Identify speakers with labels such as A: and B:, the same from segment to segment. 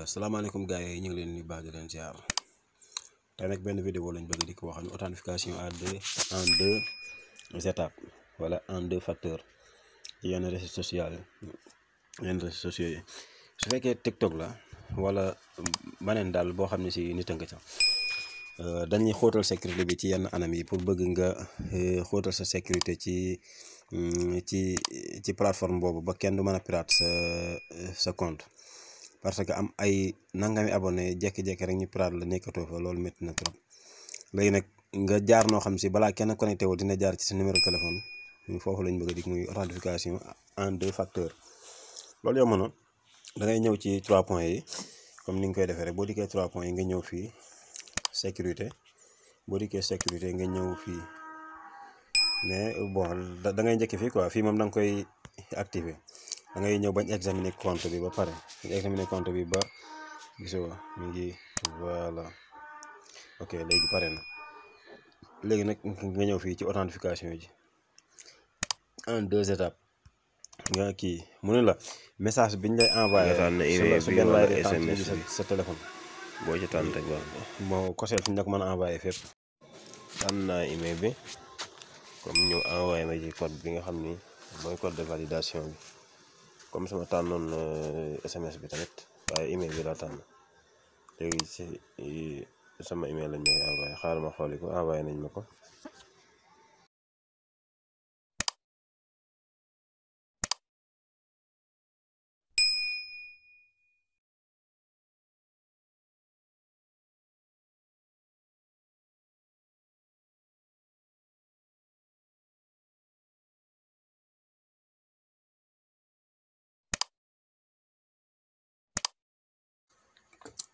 A: Euh, salaamaaleykum gars yi ñu ngi leen di baax di leen ziar tey nag benn vidéo lañ bëgg di ko waxal authentification à deux en deux étapes wala en deux facteurs ci yenn réseaux sociaux yi yenn réseaux sociaux yi su fekkee TikTok la wala beneen daal boo xam ne si nit a nga ca euh, dañuy xóotal sécurité bi ci yenn anam yi pour bëgg nga euh, xóotal sa sécurité ci mm, ci ci plateforme boobu ba kenn du mën a pirate sa sa compte. parce que am ay nangami abonné jékki-jékki rek ñu piraat la nekkatoo fa loolu métti na trop léegi nag nga jaar noo xam si balaa kenn connecté wu dina jaar ci sa numéro téléphone foofu lañ bëgg a dig muy authentification en deux facteur loolu yomb na da ngay ñëw ci trois points yi comme ni nga koy defee rek boo dikkee trois points yi nga ñëw fii sécurité boo dikkee sécurité nga ñëw fii mais bon da ngay njëkk fii quoi fii moom danga koy activer da ngay ñëw bañ examiner compte bi ba pare bañ examiner compte bi ba gisoo mi ngi voilà ok léegi pare na léegi nag nga ñëw fii ci authentification ji en deux étapes nga kii mu ne la message biñ lay envoyé. su ngeen laay de sa sa boo ci tànn rek baax moo koseel fi ñu la ko mën a envoyé fépp. tànn naa email bi comme ñëw envoyé ma ci code bi nga xam ni mooy code de validation bi. comme sama tànnoon SMS eh, bi tamit waaye email bi laa tànn léegi ci eh, sama email lañ ma koy envoyé xaaral ma xooli ko envoyé nañ ma ko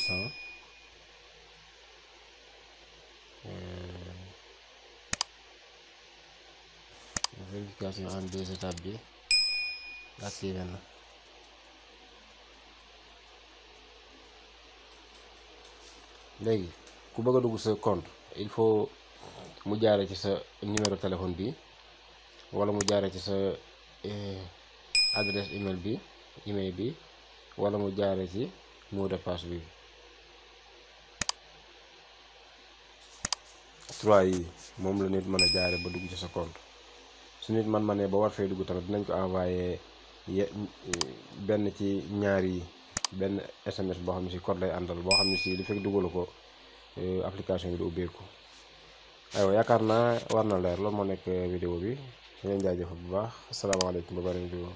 A: cent vérification en deux étapes bi activé na léegi ku bëgg a dugg sa compte il faut mu jaare ci sa numéro téléphone bi walla mu jaare ci sa euh, adresse email bi email bi wala mu jaare ci mot de bi trois yi moom la nit mën a jaare ba dugg ci sa compte su nit man ma ne ba war fee dugg tamit dinañ ko waaye benn ci ñaar yi benn SMS boo xam ne si code lay àndal boo xam ne si li fekk dugalu ko euh, application bi du ubbeeku aywa yaakaar naa war na leer loolu moo nekk euh, vidéo bi su ngeen jaajëfal bu baax asalaamaaleykum ba beneen vidéo